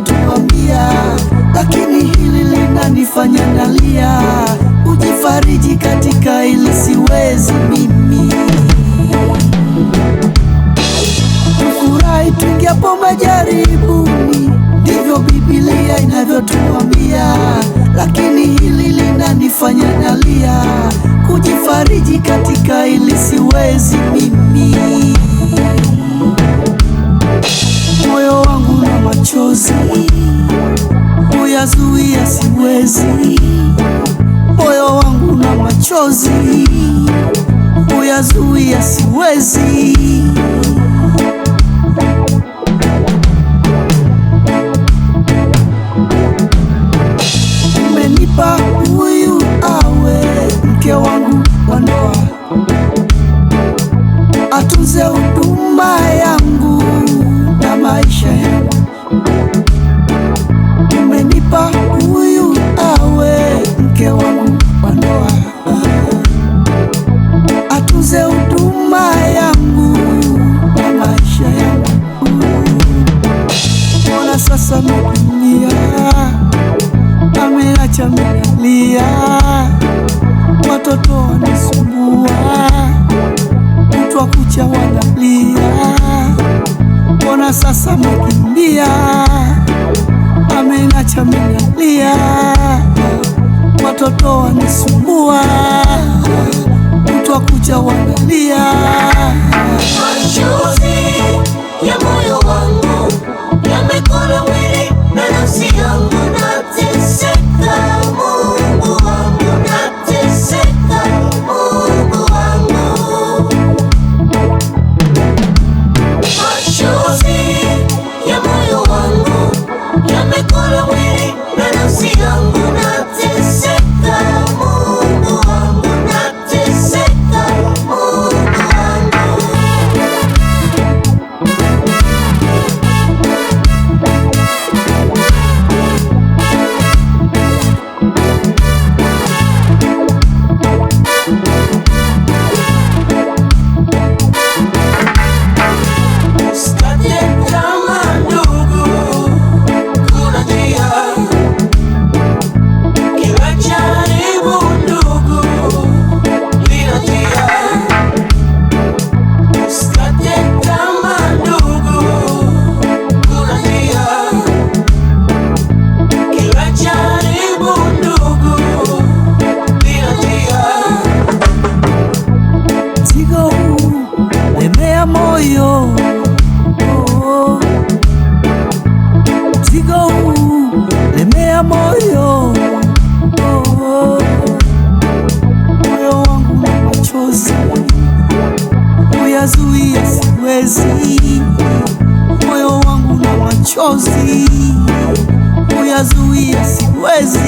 unatuambia, lakini hili linanifanya nalia. Ujifariji katika ili siwezi mimi. Tufurahi tuingiapo majaribuni, ndivyo Biblia inavyotuambia, lakini hili linanifanya nalia. Kujifariji katika ili siwezi mimi. machozi, kuyazuia siwezi. Moyo wangu na machozi, kuyazuia siwezi. chamelia watoto wanisumbua, kutwa kucha wanalia, mbona sasa mekimbia, amena chamelia watoto wanisumbua, kutwa kucha wanalia moyo moyo wangu machozi uyazuia, siwezi. Moyo wangu na machozi uyazuia, siwezi.